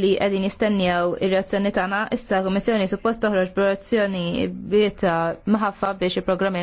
li għedin jistennijaw ir-reazzjoni tagħna issa l-Kummissjoni suppost toħroġ b'reazzjoni bieta maħaffa biex il-programmi